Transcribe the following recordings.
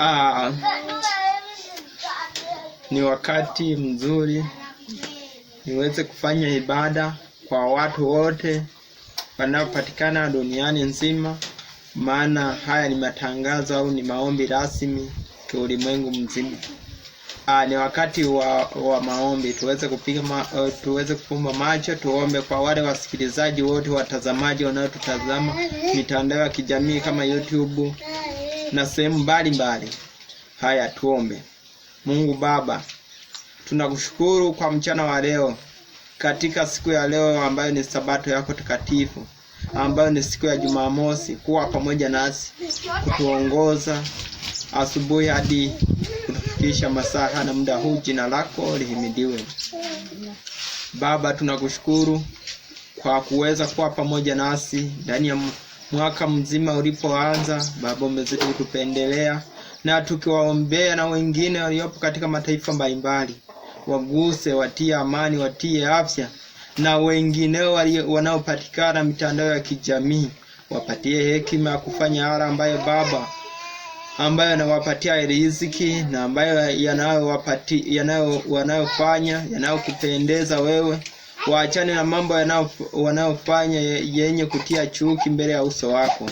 Aa, ah, ni wakati mzuri niweze kufanya ibada kwa watu wote wanaopatikana duniani nzima, maana haya ni matangazo au ni maombi rasmi kwa ulimwengu mzima. Aa, ah, ni wakati wa, wa maombi tuweze kupiga ma, uh, tuweze kufumba macho tuombe kwa wale wasikilizaji wote watazamaji wanaotutazama mitandao ya kijamii kama YouTube na sehemu mbalimbali. Haya, tuombe. Mungu Baba, tunakushukuru kwa mchana wa leo, katika siku ya leo ambayo ni sabato yako takatifu, ambayo ni siku ya Jumamosi, kuwa pamoja nasi, kutuongoza asubuhi hadi kutufikisha masaha na muda huu. Jina lako lihimidiwe. Baba, tunakushukuru kwa kuweza kuwa pamoja nasi ndani ya mwaka mzima ulipoanza. Baba, umezidi kutupendelea na tukiwaombea na wengine waliopo katika mataifa mbalimbali, waguse, watie amani, watie afya na wengineo wanaopatikana mitandao ya kijamii, wapatie hekima ya kufanya hala ambayo Baba ambayo anawapatia riziki na ambayo yanayowapati yanayo wanayofanya yanayokupendeza wewe. Waachane na mambo wanayofanya yenye kutia chuki mbele ya uso wako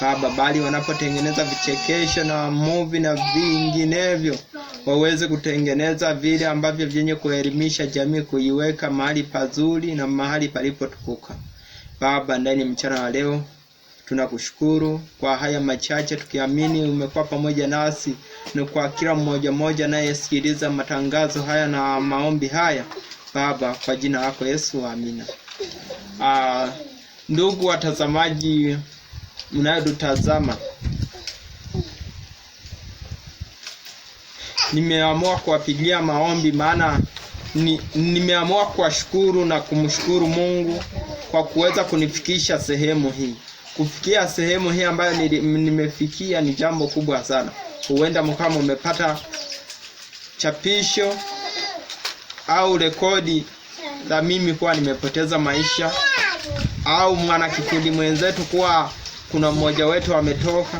Baba, bali wanapotengeneza vichekesho na muvi na vinginevyo, waweze kutengeneza vile ambavyo vyenye kuelimisha jamii, kuiweka mahali pazuri na mahali palipotukuka. Baba, ndani mchana wa leo tunakushukuru kwa haya machache, tukiamini umekuwa pamoja nasi, ni kwa kila mmoja mmoja anayesikiliza matangazo haya na maombi haya Baba, kwa jina lako Yesu, amina. Uh, ndugu watazamaji mnayotutazama, nimeamua kuwapigia maombi, maana ni, nimeamua kuwashukuru na kumshukuru Mungu kwa kuweza kunifikisha sehemu hii. Kufikia sehemu hii ambayo nimefikia ni jambo kubwa sana. Huenda mkama umepata chapisho au rekodi la mimi kuwa nimepoteza maisha au kikundi mwenzetu kuwa kuna mmoja wetu ametoka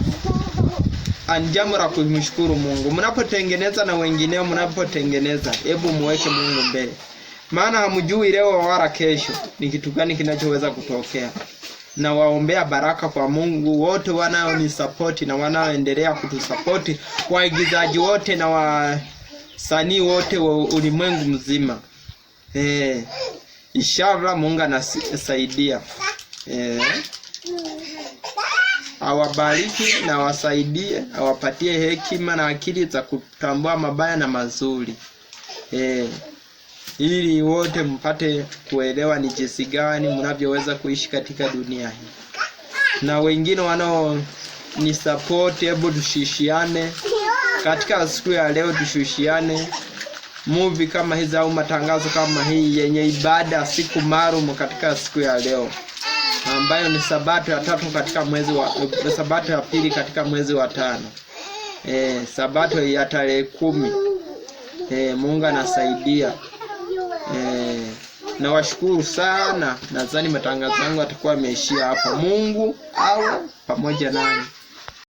ni jambo la kumshukuru Mungu. Mnapotengeneza na wengineo, mnapotengeneza, hebu muweke Mungu mbele, maana hamjui leo wala kesho ni kitu gani kinachoweza kutokea. Na waombea baraka kwa Mungu wote wanaonisapoti na wanaoendelea kutusapoti, waigizaji wote na wa wasanii wote wa ulimwengu mzima. Eh, inshallah Mungu anasaidia. Eh, awabariki na wasaidie, awapatie hekima na akili za kutambua mabaya na mazuri. Eh, ili wote mpate kuelewa ni jinsi gani mnavyoweza kuishi katika dunia hii, na wengine wanao ni support, hebu tushishiane katika siku ya leo tushushiane muvi kama hizi au matangazo kama hii yenye ibada siku maalum katika siku ya leo ambayo ni sabato ya tatu katika mwezi wa sabato ya pili katika mwezi wa tano e, sabato ya tarehe kumi e, Mungu anasaidia e, nawashukuru sana. Nadhani matangazo yangu atakuwa ameishia hapo. Mungu au pamoja nani